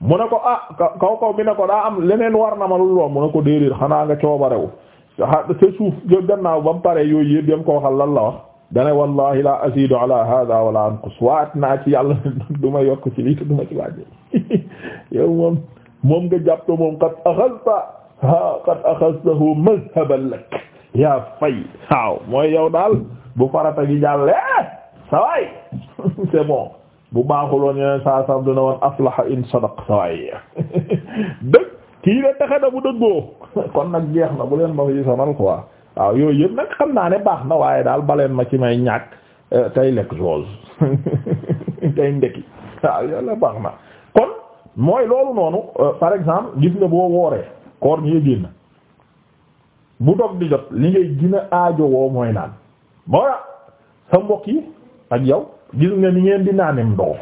mu ne ko ah kaw kaw bi ne ko daa leneen war na ma lu lool mu ne ko déedéet xanaa nga coobarewu te suuf gannaaw ba mu pare yooyu yëpp yam ko waxal lan la wax dane wallahi la azidu ala hada wala anqus waat naa ci yàlla du ma yokk ci lii te du ma ci wàññi yow moom moom nga jàpto moom qad axasta a qad axastahu lak yaa fay waaw mooy yow daal bu farata gi jàllee saway c'est bon bu baaxuloon yeneen saa saam dina woon aflaha in sadaq saway dëgg kii de texe na bu dëggoo kon nag geex na bu leen ma fi sonal quoi waaw yooyu yëpp nag xam naa ne baax na waaye daal baleen ma ci may ñàkk euh, tey lekk chose tey ndekki waaw yàlla baax na kon mooy loolu noonu euh, par exemple gis nga boo wooree koor ñee génn bu dog di jot li ngay gën aajo woo mooy naan moo sa mbokk yi ak yow gis nga ni ngeen di naanem ndox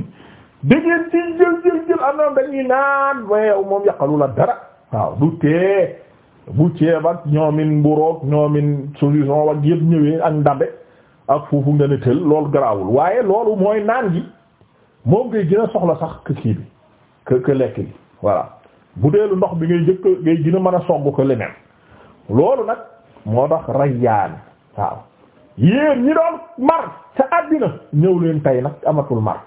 da ci jël jël jël am na dañuy naan waaye yow moom yàqalu la dara waaw du tee bu ceeb ñoomin mburoog ñoomin solution wak yëpp ñëwee ak ndambe ak foofu nga ne tël loolu garaawul waaye loolu mooy naan gi moom ngay gën soxla sax que kii bi lekk gi voilà bu ndox bi ngay jëkk ngay gën mën a sogg ko leneen loolu nag moo tax rayyaan waaw yéen ñi doon mar sa àddina ñëw leen tey nag amatul mar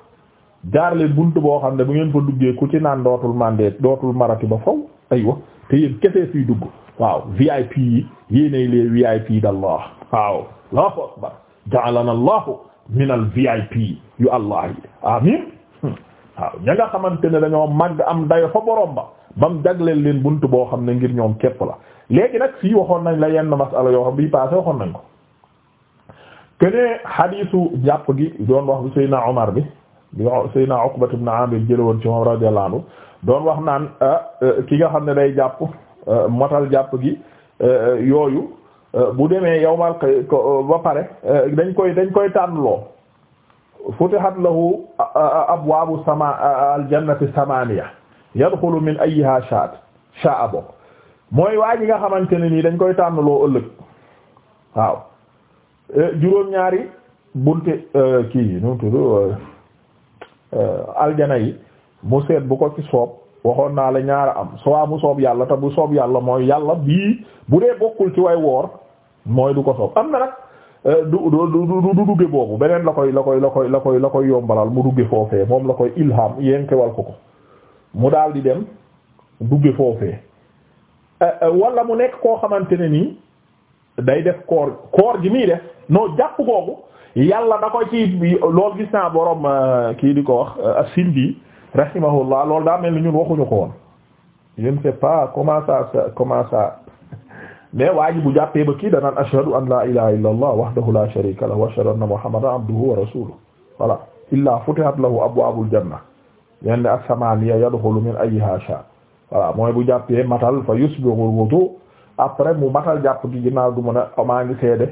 jaar leen bunt boo xam ne bu ngeen fa duggee ku ci naan dootul mandee dootul marati ba faw aywa te yéen kese fiy dugg waaw VIP yi yéenay les VIP d'Allah waaw allahu akbar ja'alana allahu min al VIP yu allah yi amin hmm. waaw ña nga xamante ne dañoo màgg am dayo fa borom ba bam jagleel leen bunt boo xam ne ngir ñoom képp la léegi nag fii waxoon nañ la yenn masala yoo xam bii passé waxoon nañ ko kene xadiisu jàpp gi doon wax bi Seydina Omar bi bi Seydina Uqbat ibn Amir woon ci moom doon wax naan ah, ah, ki nga xam ne day jàpp ah, motal jàpp gi yooyu bu demee yowmal ba pare dañ koy dañ koy tànnloo futihat lahu abwaabu sama aljannati samaniya yadxulu min ayyiha shaat sha'a mooy waa ji nga xamante ne nii dañ koy tànnloo ëllëg waaw Eh, juróom-ñaari bunte eh, kii nu mu tudd eh, aljana yi mu seet bu ko ci soob waxoon naa la ñaara am soit mu soob yàlla te bu soob yàlla mooy yàlla bii bu dee bokkul ci way woor mooy du ko soob am na nag du du du dugge boobu beneen la koy la koy la koy la koy la mu dugge foofee moom la koy ilham yenkewal ko ko mu daal di dem dugge foofee wala mu nekk koo xamante nii day def koor koor gi no def non jàpp googu yàlla da koy ci loolu gis naa euh, kii di ko wax euh, as-Sindi rahimahullah loolu daa mel ni ñun waxuñu ko woon je ne sais pas comment ça comment ça waa ji bu jàppee ba kii danaan ashhadu an la ilaha illa allah wahdahu la sharika lahu wa ashhadu anna muhammadan abduhu wa illa futihat lahu abwaabul janna yanni as-samaniya yadkhulu min ayyiha sha voilà mooy bu jàppee matal fa yusbighul wudu après mu matal jàpp gi ginnaaw du mën a oh, maa ngi seede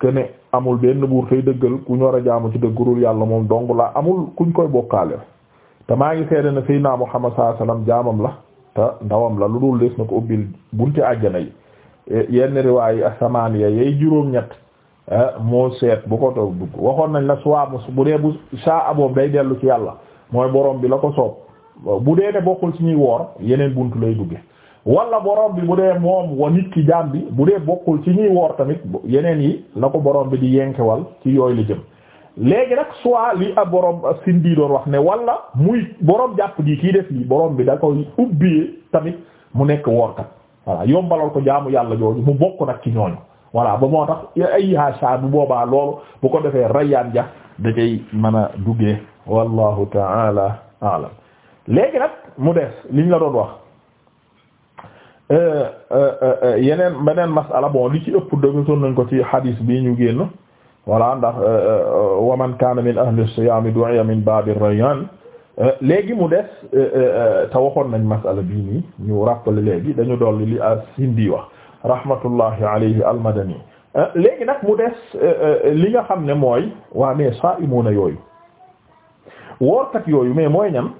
que ne amul benn buur tey dëggal ku ñu war a jaamu ci dëgg dëggurul yàlla moom dong la amul kuñ koy bokkaale te maa ngi seede ne Seydina Muhammad sallallahu alayhi wasallam jaamam la te ndawam la lu dul des na ko ubbi bunti àjjana yi eh, yenn riwaay yi asamaan ya yey juróom-ñett eh, moo seet bu ko toog dugg waxoon nañ la suwaamu bu dee bu saa aboom day dellu ci yàlla mooy borom bi la ko soob bu dee ne bokkul ci ñuy woor yeneen buntu lay dugge wala borom bi bu dee moom wa nit ki jaam bi bu dee bokkul ci ñuy woor tamit yeneen yi la ko borom bi di yenkewal ci yooyu la jëm léegi nag soit li ab borom sin bii doon wax ne wala muy borom jàpp gi kii def lii borom bi da koy ubbiyee tamit mu nekk woorkat voilà yombalal ko jaamu yàlla jooju mu bokk nag ci ñooñu voilà ba moo tax ay haasa bu boobaa loolu bu ko defee rayyaan ja da koy mën a duggee wallahu taala alam léegi nag mu des li la doon wax Euh, euh, euh, yeneen beneen masala bon li ci ëpp dëggasoon nañ ko ci hadis bi ñu génn walaa ndax wa man kaana min ahli siyaami du'iya min baabi rayaan léegi mu des ta waxoon nañ masala bii nii ñu rappelé léegi dañu dolli li as-Sindi wax rahmatullahi alayhi al-Madani léegi nag mu des li nga xam ne mooy waa mais saa imuuna yooyu woorkat yooyu mais mooy ñan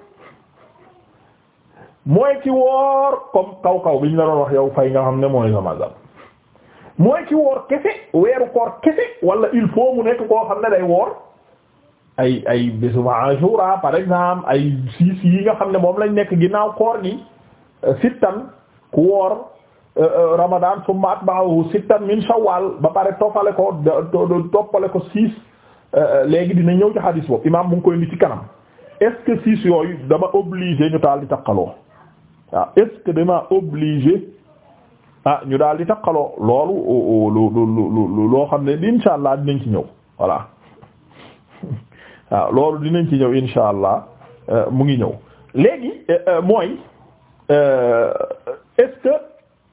mooy ki woor comme kaw kaw bi ñu la doon wax yow fay nga xam ne mooy sama zam mooy ki woor kese weeru koor kese wala il faut mu nekk koo xam ne day woor ay ay bésu Ashura par exemple ay siis yi nga xam ne moom lañ nekk ginnaaw koor gi sittan ku woor euh, euh, Ramadan summa atba'ahu sittan min Shawwal ba pare toppale ko toppale ko siis euh, léegi dina ñëw ci hadis boobu imaam mu ngi koy ni ci kanam est-ce que siis yooyu dama obligé ñu taal di taqaloo waaw ah, est-ce que dama obligé ah, ñu daal di takkaloo loolu lu loo xam ne insha allah dinañ ci ñëw voilà waaw ah, loolu dinañ ci ñëw insha allah euh, mu ngi ñëw léegi euh, euh, mooy est-ce que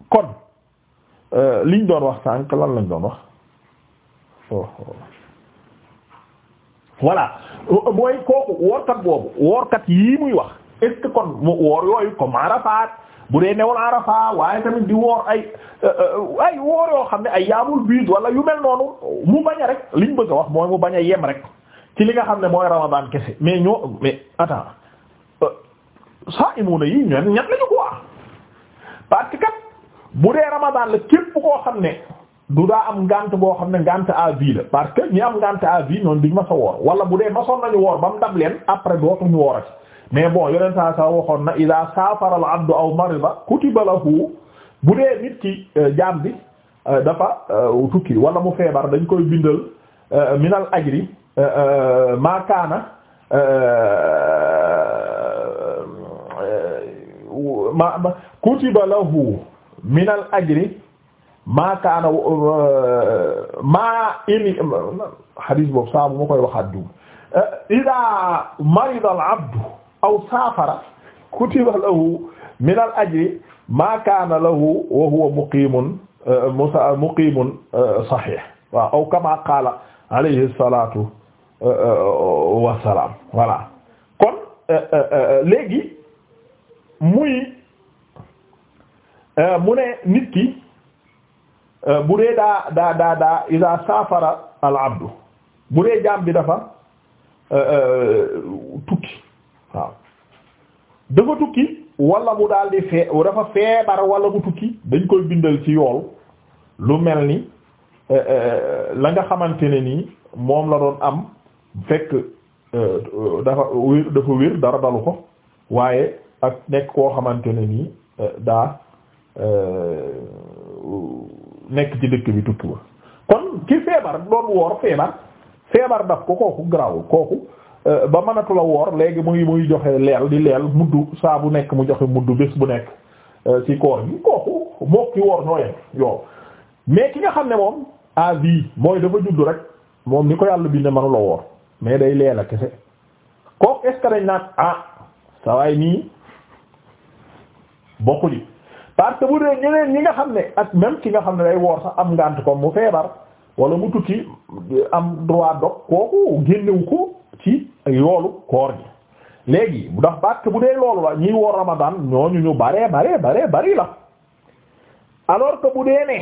kon liñ doon wax sànq lan lañ doon wax oh, oh. voilà mooy kooku woorkat boobu woorkat yii muy wax est-ce kon mu woor yooyu comme Arafat bu dee new Arafat waaye tamit di woor ay euh, euh, ay woor yoo xam ne ay yaamul biid walla yu mel noonu mu bañ a rek liñ bëgg a wax mooy mu bañ a yem rek ci li nga xam ne mooy Ramadan kese mais ñoo mais attends euh, saa imuna yi ñoom ñett lañu ko waa parce que kat bu dee Ramadan la képp koo xam ne du daa am ngant boo xam ne ngant à vie la parce que ñi am ngant à vie noonu duñ ma sa woor wala bu dee masoon nañu woor ba mu dab leen après dootuñu woorati. mais bon yeneen saa saa waxoon na ida saafara al abdu aw marida kutiba lahu bu dee nit ki euh, jaam bi euh, dafa euh, tukki wala mu feebar dañ koy bindal minal ajri maakaana ma kutiba lahu minal ajri maakaana maa ini hadis boobu saa bu ma koy waxaat dugub ida marida al abdu aw saafara kutiba lahu min al ajri ma kaana lahu wa huwa muqimun uh, muqimun uh, sahih waaw aw kama qaala alayhi salatu uh, wasalaam voilà kon léegi muy mu ne nit ki bu dee daa daa daa daa iza safara al abdu bu dee jaam bi dafa tukki waaw dafa tukki wala mu daal di fee dafa feebar wala mu tukki dañ koy bindal ci yool lu mel ni eh, eh, la nga xamante ne nii moom la doon am fekk eh, dafa wér dafa wér dara dalu ko waaye ak nekk koo xamante ne nii daa nekk ci dëkk bi tukki ba kon ki feebar doon woor feebar feebar daf ko kooku garawul kooku Euh, ba mënatu la woor léegi muy muy joxe leel di leel muddu saa bu nekk mu joxe muddu bés bu nekk euh, ci koor gi kooku mook ki woor ñoo yem yow mais ki nga xam ne moom à vie mooy dafa judd rek moom ni ko yàlla bi ne mënu woor mais day leel a kese kooku est ce que ah sawaay nii bokku yi parce que bu dee ñeneen ñi nga xam ne ak même ki nga xam ne day woor sax am ngànt ko mu feebar wala mu tukki am droit dog kooku génnewu ko ci yoolu koor gi léegi ndax parce que bu dee loolu la ñiy woor Ramadan ñooñu ñu baree bare baree bari la alors que bu dee ne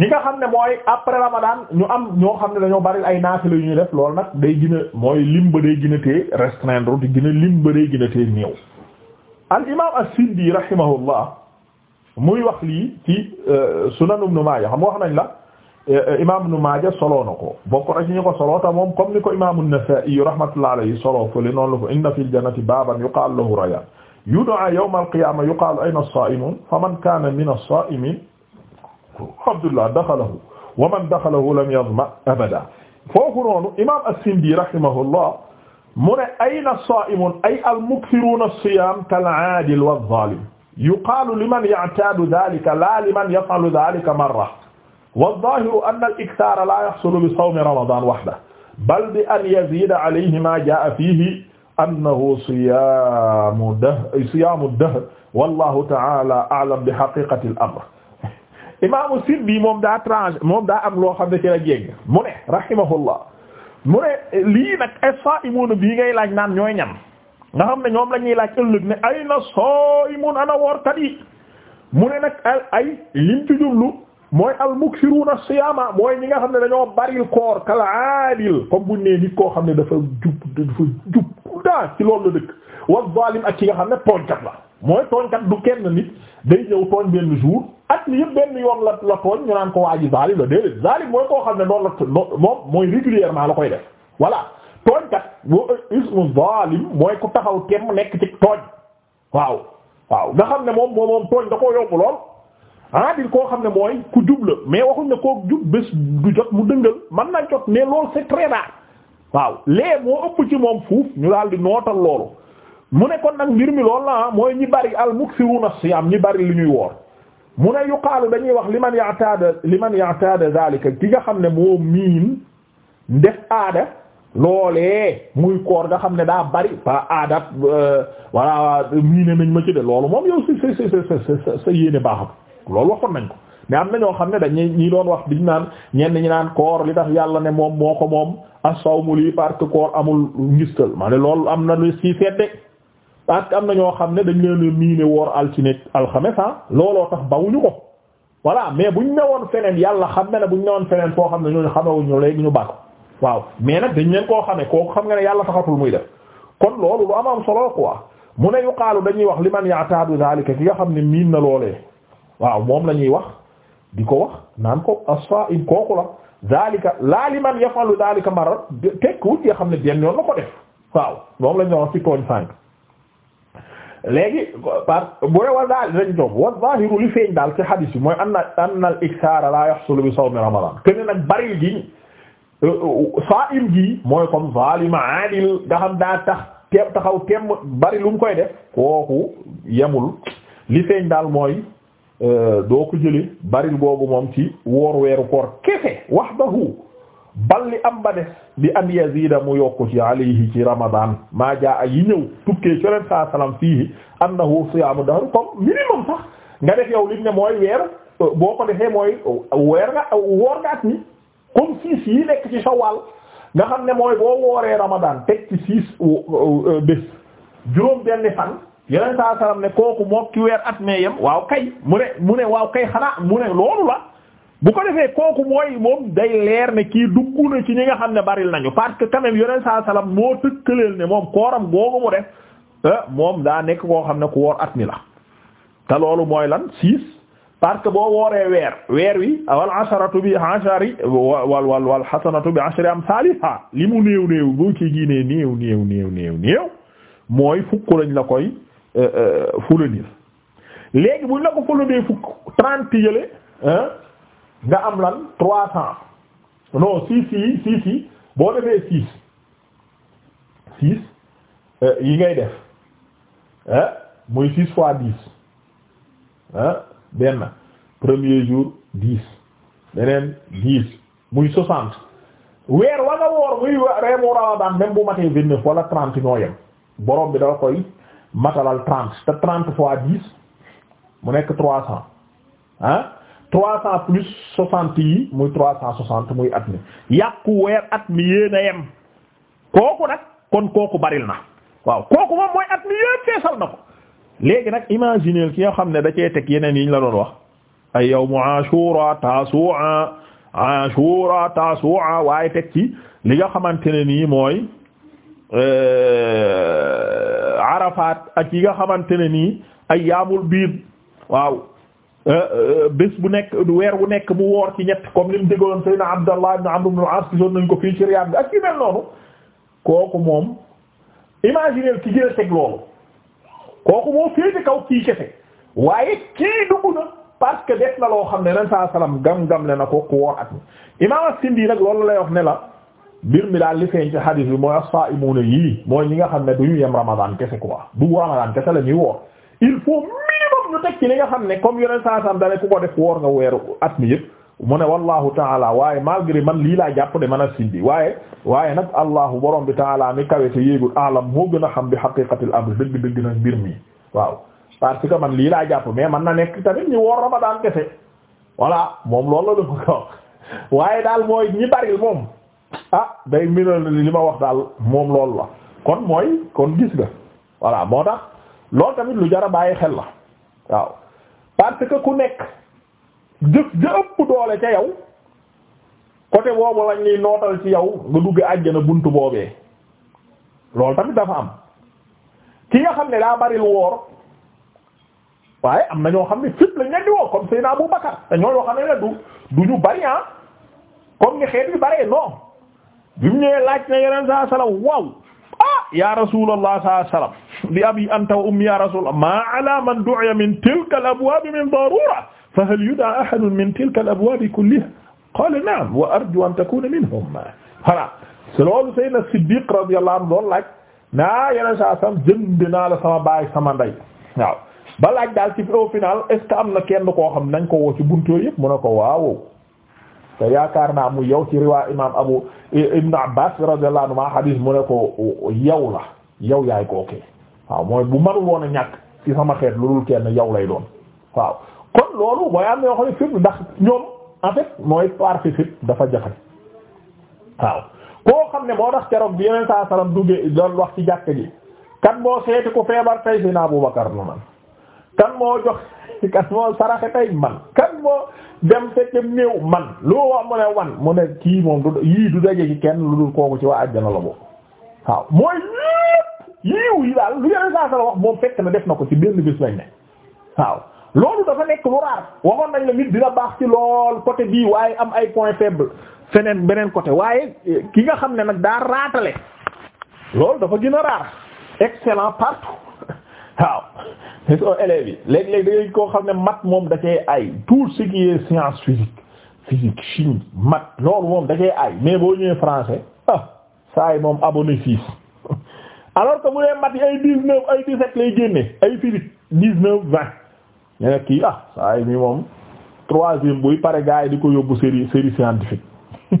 ñi nga xam ne mooy après Ramadan ñu am ñoo xam ne dañoo bari ay naafila yu ñuy def lool nag day gina mooy lim ba day gën a tee restreindre di gën a lim ba day gën a tee néew al imam as-Sindi rahimahullah muy wax lii ci euh, Sunan Ibn Maaja xam nga wax nañ la Eh, eh, imaam Ibn Maaja solo na ko bokk na ci ñu ko solo ta moom comme ni ko imaam An-Nasaa'i rahmatullahi alayhi solo fële noonu la ko inna fil jannati baaban yuqaalu lahu Rayaan yud'aa yawma al-qiyaama yuqaalu ayna as-saa'imuun faman kaana mina as-saa'imiina Abdullah daxalahu wa man daxalahu lam yadma abadan foofu noonu imaam As-Sindi rahimahullah mu ne ayna as-saa'imuun ay al-mukthiruuna as-siyaam kal-'aadil waz-zaalim yuqaalu liman ya'taadu dhaalika laa liman yaf'alu dhaalika marra والظاهر أن الإكثار لا يحصل بصوم رمضان وحده بل بأن يزيد عليه ما جاء فيه أنه صيام دهر صيام الدهر والله تعالى أعلم بحقيقة الأمر imaamu Sibbi moom daa tranché moom daa am loo xam ne ci la jégg mu ne rahimahullah mu ne lii nag ay saa'imuun bii ngay laaj naan ñooy ñan nga xam ne ñoom la ñuy laaj ëllëg ne ay na saa'imuun ana woorkat yi mu ne nag ay lim ci jublu mooy almuksiruna siyaama mooy ñi nga xam ne dañoo baril koor kala aadil comme buñ nee nit koo xam ne dafa jub dafa jub daa ci loolu la dëkk wa zalim ak ki nga xam ne tooñkat la mooy tooñkat du kenn nit day ñëw tooñ benn jour at li yëpp benn yoon la la tooñ ñu naan ko waa ji zalim la déedéet zalim mooy koo xam ne noonu la moom mooy régulièrement la koy def voilà tooñkat boo ismu zalim mooy ku taxaw kenn mu nekk ci tooñ waaw waaw nga xam ne moom moom moom da koo lool aadil ah koo xam ne mooy ku jub la mais waxuñ ne koo jub bés du jot mu dëngal man na jot mais loolu c'est waaw lee moo ëpp ci moom fuuf ñu daal di nootal loolu mu ne kon nag mbir mi loolu la ah mooy ñi bari al muksiruna siyam ñi bari li ñuy woor mu ne yuqaalu dañuy wax li man ya'tada li man ya'tada zalika ki nga xam ne moo miin def aada loolee muy koor nga xam ne daa bari ba aada euh, voilà miine nañ ma ci de loolu moom yow si sa sa sa sa yéene baaxam loolu waxoon nañ ko mais am na ñoo xam ne dañuy ñi doon wax biñ naan ñenn ñi naan koor li tax yàlla ne moom moo ko moom as-sawmu lii parce que koor amul ngistal ma ne loolu am na lu si sedde parce que am na ñoo xam ne dañ leen mii ne woor altine alxames ah, looloo tax bawuñu ko voilà mais buñ woon feneen yàlla xam ne ne buñ newoon feneen foo xam ne ñooñu xamewuñu léegi ñu baax waaw mais nag dañ leen koo xam xamee kooku xam nga ne yàlla taxatul muy def kon loolu lu am am solo quoi mu ne yuqaalu dañuy wax li man ya'taadu zaalika ki nga xam ne miin na loolee waaw moom la ñuy wax di ko wax naan ko asfa in kooku la zalika laa liman yafalu zalika marat tekkiwut yoo xam ne benn yoon la ko def waaw moom la ñuy wax ci tooñ sànq léegi par bure wa daal dañ jox wa zahiru li feeñ daal ci hadis bi mooy anna anna al iksara la yahsulu bi sawmi ramadan kene nag bari gi gi mooy comme zalima adil taxaw teem bari lu mu koy def kooku yemul li feeñ daal mooy Euh, doo ko jëlee baril googu moom ci woor weeru koor kese wahdahu balli am ba des bi an yazida mu yokku ci alayhi ci ramadan maa yi ñëw tukkee ci saa salaam fii annahu siyaamu dahr comme minimum sax nga def yow li ne mooy weer euh, boo ko defee mooy euh, weer nga woor nga at mi comme six yi nekk ci shawwal nga xam ne mooy boo wooree ramadan teg ci six bés juróom benni fan. yeneen saa salaam ne kooku mook ki weer at mee yem waaw kay mu ne mu ne waaw kay xanaa mu ne loolu la bu ko defee kooku mooy moom day leer ne kii dugg na ci ñi nga xam ne baril nañu parce que quand yeneen saa salaam moo tëkkaleel ne moom kooram googu mu def eh, moom daa nekk koo xam ne ku woor at mi la te loolu mooy lan six parce que boo wooree weer weer wi wal asharatu bi ashari wal wal wal hasanatu bi ashri am saliha li mu néew néew boo ci ginee néew néew mooy fukk la koy fulanil léegi buñ la ko fulanee fukk trente yële nga am lan trois cents non six yi six yi boo defee six six euh, yi ngay def ah muy six fois dix ah benn premier jour dix beneen dix muy soixante weer wa nga woor muy reemu Ramadan même bu matee vingt-neuf wala trente ñoo yem borom bi dafa koy matalal trente te trente fois dix mu nekk trois cents ah trois cents soixante yi muy trois cent soixante muy at mi yàqu weer at mi yéen a yem kooku nag kon kooku baril na waaw kooku moom mooy at mi yépp feesal na ko léegi nag imaginer ki nga xam ne da cee teg yeneen yi ñu la doon wax ay yawmu ashura tasu'a ashura tasu'a waaye teg ci li nga xamante ne nii mooy euh, Arafat ak yi nga xamante ne nii ay yaamul biir waaw euh, euh, bés bu nekk weer wu nekk mu woor ci ñett comme li mu déggoon Seydina Abdallah ibn Amr ibn al-As gisoon nañ ko fii ci Riyad bi ak ci mel noonu kooku moom imaginer ki gën a teg loolu kooku moo féete kaw kii kese waaye kii dugg na parce que def na loo xam ne ren saa salaam gam-gam le na ko ku woor at mi imaam as-Sindi nag loolu lay wax ne la. mbir mi daal li feeñ ci hadis bi mooy as-saa'imuuna yii mooy ñi nga xam ne duñu yem ramadan kese quoi du ramadan kese la ñuy woor il faut minimum ñu teg ci li nga xam ne comme yeneen saa sam dane ku ko def woor nga weeru at mi yëpp mu ne wallahu taala waaye malgré man lii laa jàpp de man a sindi waaye waaye nag allahu borom bi taala mi kawete yéegul alam moo gën a xam bi haqiqatil amr dëgg dëgg nag mbir mi waaw parce que man lii laa jàpp mais man na nekk tamit ñu woor ramadan kese voilà moom loolu la daal mooy ñi bari ah day minal li ma wax daal moom loolu la kon mooy kon gis nga voilà moo tax loolu tamit lu jar a bàyyi xel la waaw parce que ku nekk jëf ja ëpp doole ca yow côté boobu lañ nootal ci yow nga dugg àjjana buntu boobee loolu tamit dafa am ki nga xam ne daa bari lu woor waaye am na ñoo xam ne fépp lañ leen di woo comme Seydina Abou Bakar te ñoo yoo xam ne du du ñu bari ah comme ni xeet bi baree non. bi mu ñëwee laaj na yeneen saa salaam waaw ah ya rasulallah saa salaam bi abi anta wa ummi ya rasulallah ma ala man du'iya min tilka al abwab min darura fa hal yud'a ahad min tilka al abwab kulliha qala na'am wa arju an takuna minhum voilà loolu sayyidina siddiq radiyallahu anhu doon laaj naa yeneen saa salaam jënd naa la sama baay sama ndey waaw ba laaj daal ci au final est ce que am na kenn koo xam nañ ko woo ci buntu yëpp mu ne ko waaw te yaakaar naa mu yow ci riwaa imam abu ibnu abbas radiyallahu anhu ma hadis mu ne ko yow la yow yaay kookee waaw mooy bu manul woon a ñàkk ci sama xeet loolul kenn yow lay doon waaw kon loolu mooy am na yoo xam ndax ñoom en fait mooy parfait fépp dafa jafe waaw koo xam ne moo tax keroog bi yeneen saa duggee doon wax ci jàkk ji kat boo seeti ku feebar tay si na Abubakar lu man kan moo jox kan moo saraxe tay man kan moo dem fekke néew man lu wax mu ne wan mu ne kii moom du yii du daje ci kenn lu dul kooku ci waa àjjana la boobu waaw mooy yiiw yi moom fekk na def na ko ci benn bés lañ ne waaw loolu dafa nekk lu raar waxoon nañ la nit dina baax ci lool côté bii waaye am ay point faible feneen beneen côté waaye eh, ki nga xam ne nag daa raatale loolu dafa gën a raar excellent partout waaw soo élèves yi koo xam ne math moom da ay tout ce qui est science physique physique chimie math loolu moom da ay mais boo ñëwee français ah saa yi moom abonné six alors que bu dee math yi ay dix ay dix lay génne ay physique dix-neuf vingt ñu ne kii ah saa yi moom troisième buy pare gars yi di ko yóbbu série série scientifique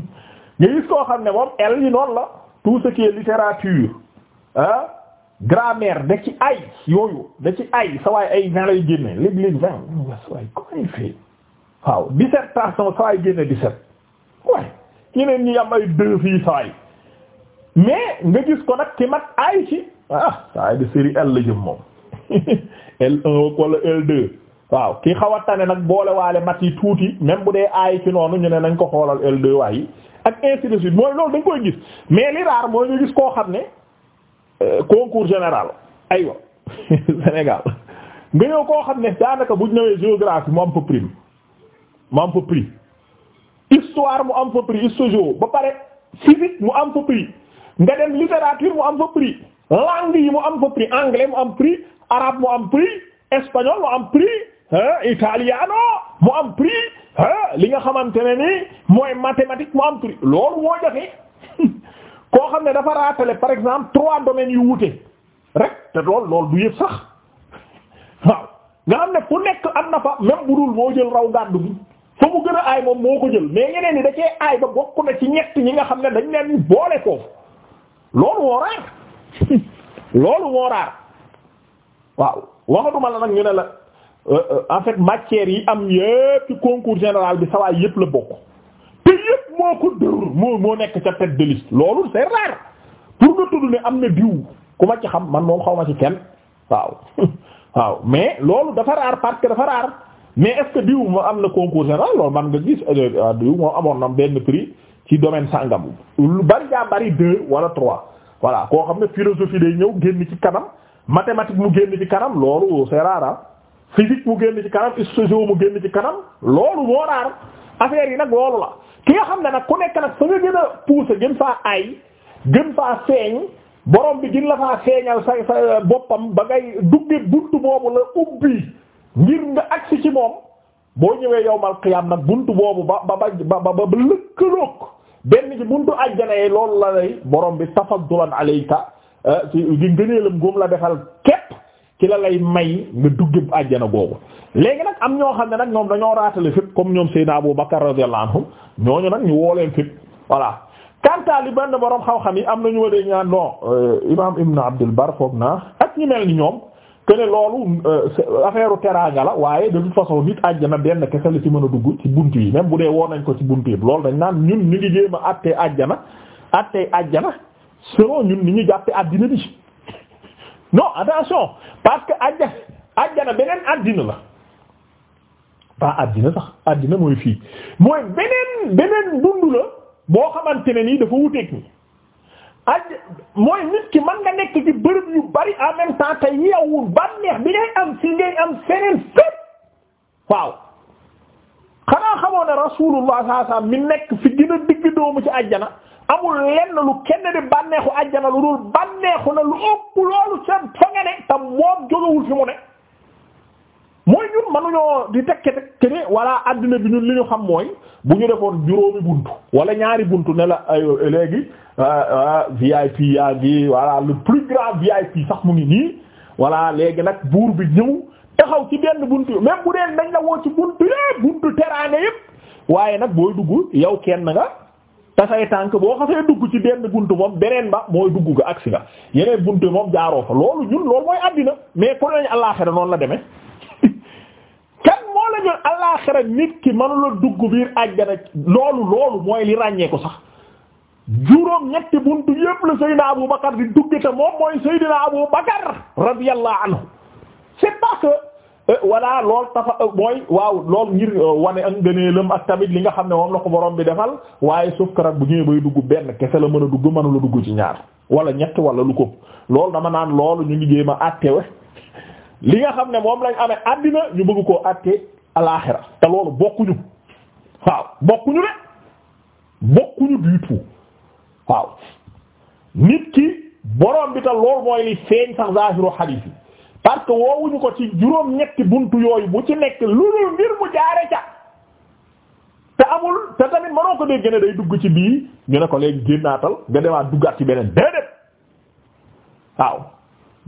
nga gis koo xam ne moom L yi noonu la tout ce qui est littérature ah grammaire da ci ay yooyu da ci ay sawaay ay vingt lay génne léeg-léeg vingt sa waay comment il fait waaw dissertation sa génne dix-sept ñeneen ñi am ay deux fii sa mais nga gis ko nag ci mag ay ci ah sa waay de série L la jëm moom L1 wala L2 waaw ki xaw a tane nag boole waale mat yi tuuti même bu dee ay ci noonu ñu ne nañ ko xoolal L2 waay ak ainsi mooy loolu dañ koy gis mais li raar mooy ñu gis koo xam ne concours général aywa Sénégal nga koo xam ne daanaka bu ñëwee géographie mu am fa prime mu am fa prix histoire mu am fa prix histoire ba pare physique mu am fa prix nga dem littérature mu am fa prix langue yi mu am fa prix anglais mu am prix arabe mu am prix espagnol mu am pri ah italiano mu am pri ah li nga xamante ne ni mooy mathématique mu am prix loolu moo joxe. koo xam ne dafa raatale par exemple trois domaines yu wuute rek te lool lool du yëpp sax waaw nga xam ne fu nekk am na fa même bu dul moo jël raw gàddu bi fa gën a aay moom moo ko jël mais ñeneen yi da cee aay ba bokk na ci ñett ñi nga xam ne dañ leen boole foofu loolu moo raar loolu moo waaw waxatuma la nag ñu ne la euh, euh, en fait matière yi am yépp ci concours général bi sawaay yépp la bokk moo ko dóor moo moo nekk ca tête de liste loolu c'est pour nga tudd ne am na diw ku ma ci xam man moom xaw ma ci kenn waaw waaw mais loolu dafa raar parce que dafa raar mais est diw moo am na concours la loolu man nga gis euh, euh, diw moom amoon na benn prix ci domaine sàngam lu bari daa bari deux wala trois voilà koo xam ne philosophie day ñëw génn ci kanam mathématique mu génn ci kanam loolu c'est rare physique mu génn ci kanam histoire mu génn ci kanam loolu moo rare affaire yi nag loolu ki nga xam ne nag ku nekk nag fa nga gën a pousser gën faa ay gën faa feeñ borom bi gën la faa seeñal sa euh, boppam ba ngay dugge buntu boobu la ubbi ngir nga agsi ci moom boo ñëwee yowmal qiyam nag bunt boobu ba ba ba ba ba lëkkaloog benn ci buntu àjjana yi loolu la lay borom bi tafaddulan alayka euh, ci ngëneelam góom la defal képp ci la lay may nga dugg àjjana boobu léegi nag am ñoo xam ne nag ñoom dañoo raatale fépp comme ñoom Seydina Abu Bakar radiyallahu anhum ñooñu nag ñu woo leen fépp voilà. Kanta li benn boroom xaw xam yi am na ñu war a ñaan non euh, Imaam Ibn Abdul Bar foog naa ak ñu mel ni ñoom que ne loolu euh, affaire teraanga la waaye de toute façon nit àjjana benn kese la ci mën a dugg ci bunt yi même bu dee woo nañ ko ci bunt yi loolu dañ naan ñun ñu ngi jéem a àttee àjjana àttee àjjana selon ñun ni ñu jàppee àddina bi. non attention parce que ajja ajjana beneen àddina la pas àddina sax àddina mooy fii mooy beneen beneen dund la boo xamante ne nii dafa wuteeg ni aj mooy nit ki mën nga nekk ci bërëb yu bari en même temps te yeewul ba neex bi ngay am si ngay am feneen fépp waaw xanaa xamoo ne rasulullah sallallahu alayhi mi nekk fi gën a digg doomu ci ajjana amul lenn lu kenn di bànneexu àjjana lu dul bànneexu na lu ëpp loolu seen foge ne te moom jógewul fi mu ne mooy ñun mënuñoo di tekke tekke ne walla àddina bi ñun li ñu xam mooy bu ñu defoon juróomi buntu wala ñaari bunt ne la léegi ah, ah, VIP yaa ngi voilà le plus grand VIP sax mu ngi nii voilà léegi nag buur bi ñëw xaw ci benn buntu yi même bu dee dañ la woo ci buntu yépp buntu teraanga yépp waaye nag booy dugg yow kenn nga. te tànk boo xasee dugg ci benn bunt moom beneen ba mooy dugg ga agsi nga yeneen buntu moom jaaroo fa loolu ñun loolu mooy àddina mais ko lañu àllaaxira noonu la demee kan moo la ñun nit ki manula dugg biir àjjana loolu loolu mooy li ràññee ko sax juróom ñetti buntu yépp la Seydina Abu Bakar di dugg moom mooy Seydina Abu Bakar radiyallahu anhu c'est parce Euh, voilà lool tafa euh, mooy waaw lool ngir euh, wane ak ngëneelam ak tamit li nga xam ne moom la ko borom bi defal waaye suuf karak bu ñëwee bay dugg benn kese la mën a dugg mënula dugg ci ñaar wala ñett walla lu ko loolu dama naan loolu ñu ngi ma a àttewe li nga xam ne moom lañ amee àddina ñu bëgg koo àtte alaaxira te loolu bokkuñu waaw bokkuñu de bokkuñu du waaw nit ki borom bi te loolu mooy li feeñ sax zaahiru xadiis yi parce que woowuñu ko ci juróom-ñetti buntu yooyu bu ci nekk lu dul mbir mu jaare ca te amul te tamit manoo ko dégg ne day dugg ci bii gën ne ko léegi génnaatal nga demaat duggaat ci beneen déedéet waaw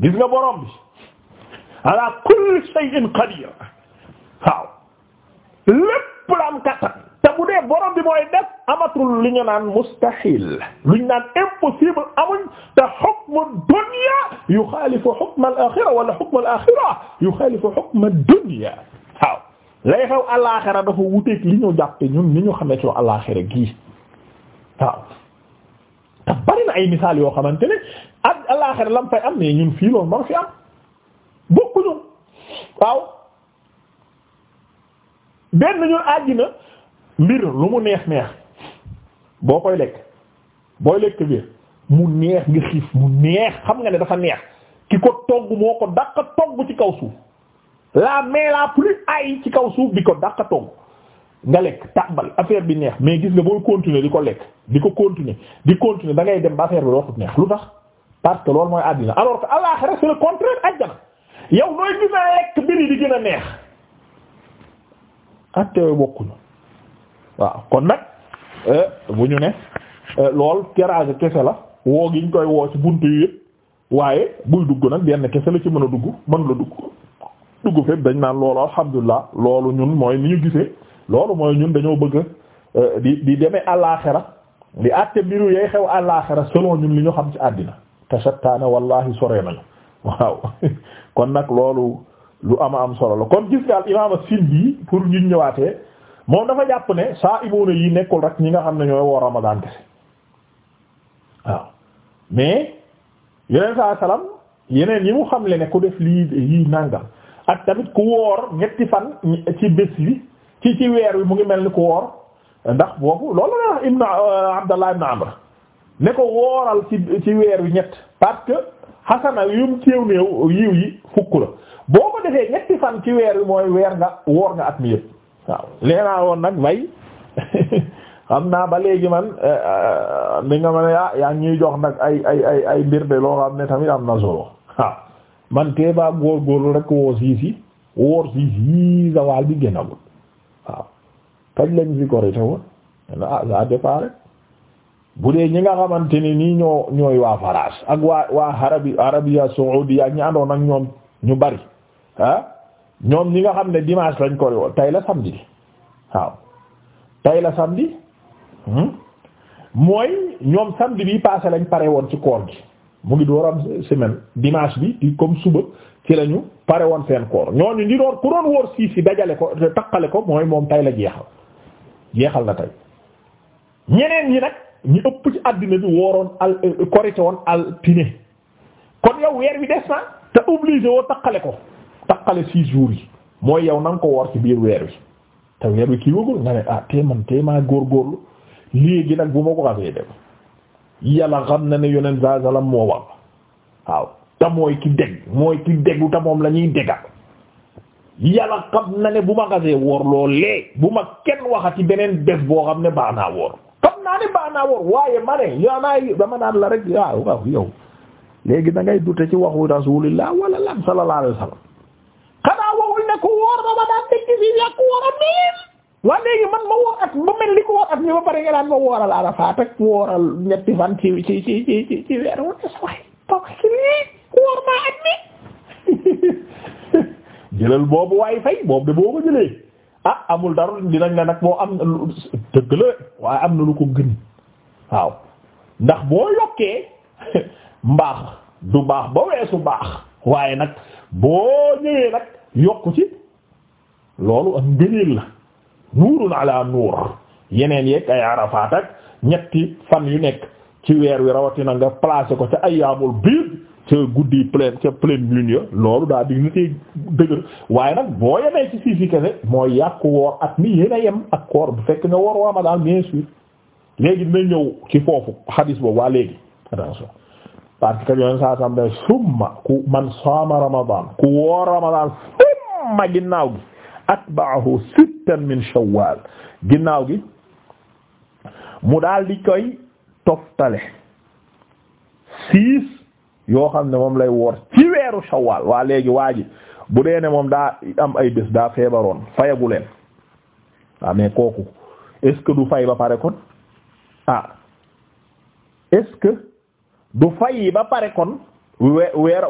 gis nga borom bi ala kulli shay'in qadir waaw lépp la am kattan te bu dee borom bi mooy def amatul li ñu naan mustahil lu ñu naan impossible amuñ te hukmu dunya yuxaalifu hukma al-axira wala hukmu al-axira yuxaalifu hukma dunya waaw lay xew al gii waaw te bari na ay misaal yoo xamante ne ak al lam fay am ne ñun fii loolu man fi am bokkuñu waaw benn ñun àddina mbir lu mu neex neex boo koy lekk booy lekk biir mu neex nga xiif mu neex xam nga ne dafa neex ki ko togg moo ko daq togg ci kaw suuf la mais la plus ay ci kaw suuf bi ko daq togg nga lekk tàmbal affaire bi neex mais gis nga booy continuer di ko lekk di ko continuer di continuer da ngay dem ba affaire bi dootul neex lu tax parce que loolu mooy àddina alors que àllaxira c'est le contraire àjjana yow nooy gën a lekk mbir yi di gën a neex ak teewee waaw kon nag euh, bu ñu ne euh, lool garage kese la woo gi koy woo ci buntu yi waaye buy dugg nag benn kese la ci mën a dugg mën la dugg dugg dañ naan loolu alhamdulilah loolu ñun mooy ni ñu loolu mooy ñun dañoo bëgg euh, di di demee àllaaxira di àtte mbiru yay xew àllaaxira selon ñun li ñu xam ci àddina te shattaane wallahi sore nañu waaw kon nag loolu lu ama am solo la kon gis nga al imaam Sindi pour ñu ñëwaatee. moom dafa jàpp ne saa iboona yi nekkul rek ñi nga xam ne ñooy woo Ramadan kese waaw mais yeneen saa salaam yeneen yi mu xam le ne ku def lii yii nàngam ak tamit ku woor ñetti fan ci bés bi ci weer wi mu ngi mel ni ku woor ndax boobu loolu la ibn euh, Abdallah ibn Amr ne ko wooral ci weer wi ñett parce que xasana yum téew néew yiw yi fukk la boo defee ñetti fan ci weer wi mooy weer nga woor nga at mi yëpp waaw leenaa woon nag bay xam naa ba léegi man li eh, eh, nga ma ne ah yaa ngi ñuy jox nag ay ay mbir de loo xam ne tamit am na solo waaw ah, man tee baa góorgóorlu rek woo siisi woor siisi yii sawaal bi génnagul waaw kaj lañ fi ah, bu dee ñi nga xamante ni nii ñoo ñooy waa Faraas ak waa waa Arabi Arabia Saoudia ak ñi àndoon ak ñoom ñu bari ah, ñoom ñi nga xam ne dimanche lañ ko woon tey la samedi bi waaw tey la samedi hmm? mooy ñoom samedi bi passé lañ pare woon ci koor gi mu ngi door am semaine dimanche bi di comme suba ci lañu pare woon seen koor ñooñu ñi doon ku doon wóor siis yi dajale ko takkale ko mooy moom tay la jeexal jeexal na tey ñeneen ñi nag ñu ëpp ci àddina bi wooroon al korite woon al pine kon yow weer wi des na te obligé woo takkale ko taqale six jours yi mooy yow na ko wor ci biir weer wi te weer wi kii wagul nga ne ah tee man tee maa góorgóorlu léegi nag bu ma ko xasee dem yàlla xam na ne yoneen zazalam moo wax waaw te mooy ki dégg moom la ñuy déggal yàlla xam na ne bu ma xasee woor loolee bu ma kenn ci beneen bés boo xam ne baax naa woor xam naa ne baax naa woor waaye ma ne yaa naa dama naan la rek waaw yow léegi da ngay dute ci waxu rasulillah wala lan sallallahu alayhi wasallam vingt-six yàq woor am na yéen waa léegi man ma woor at ma mel li ko woor at mi ba pare nga daan ma wooral Arafat ak wooral ñetti fan ci ci ci at mi jëlal boobu waaye fay boobu de boo ko ah, amul dara dinañ la nag moo am dëgg la waaye am na lu ko gën waaw ndax boo yokkee mbaax du baax ba weesu baax waaye nag boo ñëwee nag yokku ci loolu ak ngëneel la nuurun ala nuur yeneen yeeg ay arafaat ñetti fan yu nekk ci weer wi rawatina nga placé ko ca ayyaamul biid ca guddi pleine ca pleine lune ya loolu daa di na tey dëgër waaye nag boo yemee ci sii si kese mooy yàq woor at mi yéen yem ak koor bu fekk nga woor Ramadan bien sûr léegi dina ñëw ci foofu xadis boobu waa léegi attention parce que yoon saa sam summa ku man saama Ramadan ku woor Ramadan summa ginnaaw gi atba'ahu sittan min shawwal ginnaaw gi mu daal di koy toftale six yoo xam ne moom lay woor ci weeru shawwal waa léegi waa ji bu dee moom daa am ay bés daa feebaroon fayagu leen waaw ah, mais kooku est que du fay ba pare kon ah est ba pare kon weer weer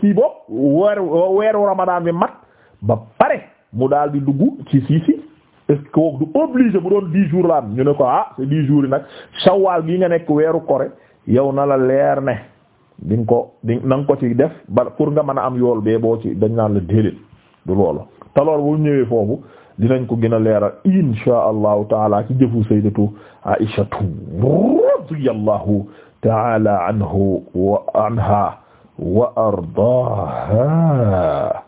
kii bopp weer weeru ramadaan bi mat ba pare mu daal di dugg ci sii si est du obligé bu doon dix jours la am ñu ne ko ah c'est dix jours yi nag shawaal gi nga nekk weeru kore yow na la leer ne di ko di na ko ci def ba pour nga mën a am yool bee boo ci dañ naan la déedéet du loolu te loolu bu ñëwee foofu dinañ ko gën a leeral insha allahu taala ci jëfu sayyidatu aishatu radiyallahu taala anha wa ardaha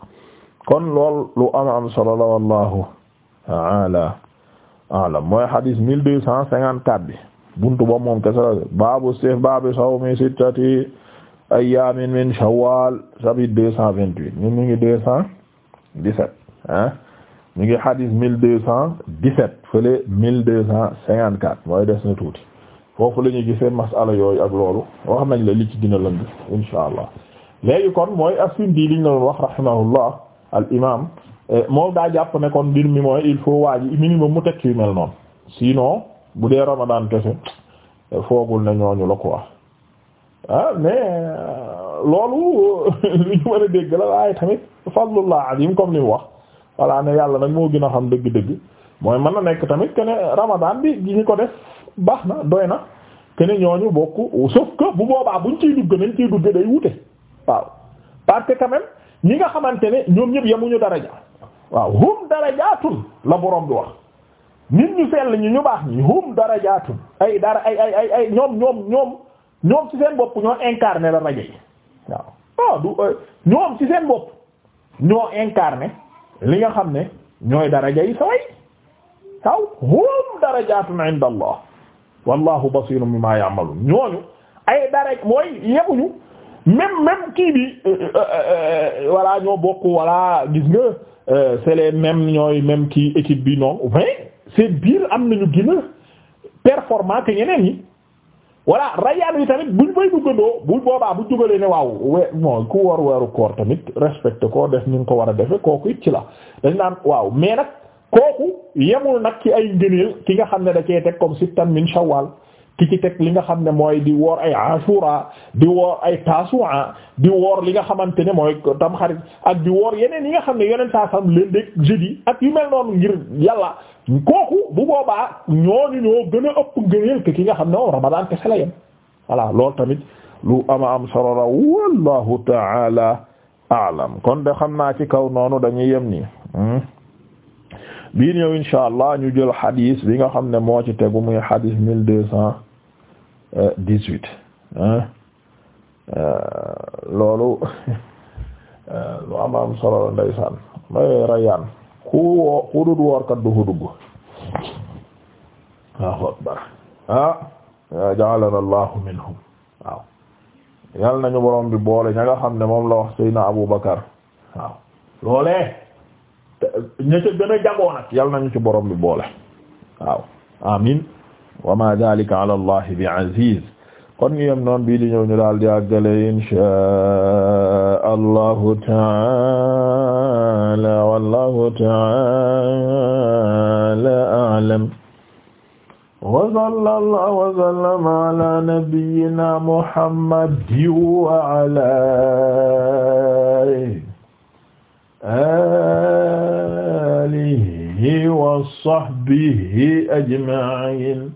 kon lool lu am am solo la wallahu ta'ala a'lam mooy hadis mille deux cent cinquante-quatre bi buntu ba moom kese la baabu sif baabu sawmi sittati ayyamin min shawwal chapitre deux cent vingt-huit ñu ngi deux cent dix-sept ah ñu ngi hadis mille deux cent dix-sept fële mille deux cent cinquante-quatre mooy des na tuuti foofu la ñu gisee masala yooyu ak loolu wax nañ la li ci dina lënd insha allah léegi kon mooy as-Sindi liñ la doon wax rahimahullah al imam eh, moom daa jàpp ne biir mi mooy il faut waa ji minimum mu teg ci mel noonu sinon bu dee ramadan kese foogul ne ñooñu la quoi ah mais euh, loolu li ñu mën a dégg la waaye tamit fadlullah azim comme li mu wax voilà ne yàlla nag moo gën a xam dëgg-dëgg mooy man na nekk tamit que ne bi gi ñu ko def baax na doy na que ne ñooñu bokk sauf que bu boobaa buñ ciy dugg nañ ciy dugg day wute waaw parce que quand ñi nga xamante ne ñoom ñëpp yemuñu daraja waaw hum darajaatun la borom bi wax nit ñu sell ñi ñu baax ñi hum darajaatun ay dara ay ay ay ay ñoom ñoom ñoom ñoom ci seen bopp ñoo incarné la rajo yi waaw ah, euh, ci seen bopp ñoo incarné li nga xam ne ñooy daraja yi saway waaw hum darajaatun inda allah wallahu basirun bima ya'malun ñooñu ay dara mooy yemuñu même même kii bi euh, euh, euh, voilà ñoo bokk voilà gis nga c'est les mêmes ñooy même kii équipe bi non mais c'est biir am nañu gën a performant que ñeneen ñi voilà rayaan yi tamit buñ fay duggandoo bu boobaa bu dugalee ne waaw we moo ku war weeru koor tamit respecté ko def ni nga ko war a defe kooku it ci la dañ naan waaw mais nag kooku yemul nag ci ay ngëneel ki nga xam ne da cee teg comme sittan min shawwal ki ci li nga xam ne mooy di woor ay ashura di woor ay tasu'a di woor li nga xamante ne mooy tamxarit ak di woor yeneen yi nga xam ne yeneen taasam lundi ak jeudi ak yu mel noonu ngir yàlla kooku bu boobaa ñooñu ñoo gën a ëpp ngëneel ki nga xam ne moom Ramadan kese la yem voilà loolu tamit lu ama am solo la wallahu ta'ala a'lam kon de xam naa ci kaw noonu dañuy yem nii hmm? bii ñëw insha allah ñu jël xadis bi nga xam ne moo ci tegu muy xadis mille deux dix-huit euh, loolu euh, lu am am solo la ndeysaan may rayaan ku woo ku dul woorkat du fu dugg waaw akbar ah ja'alana allahu minhum waaw yal nañu borom bi boole ña nga xam ne moom la wax Seydina Abu Bakar waaw loolee ña ca gën a nag yal nañu ci borom bi boole waaw amin wa ma dhalika ala allah bi aziz kon ñu yem noon bii di ñëw ñu daal di àggale insha allahu taala wallahu taala a'lam wa sallallahu wa sallama ala nabiyyina muhammadin wa ala alihi wa sahbihi ajma'in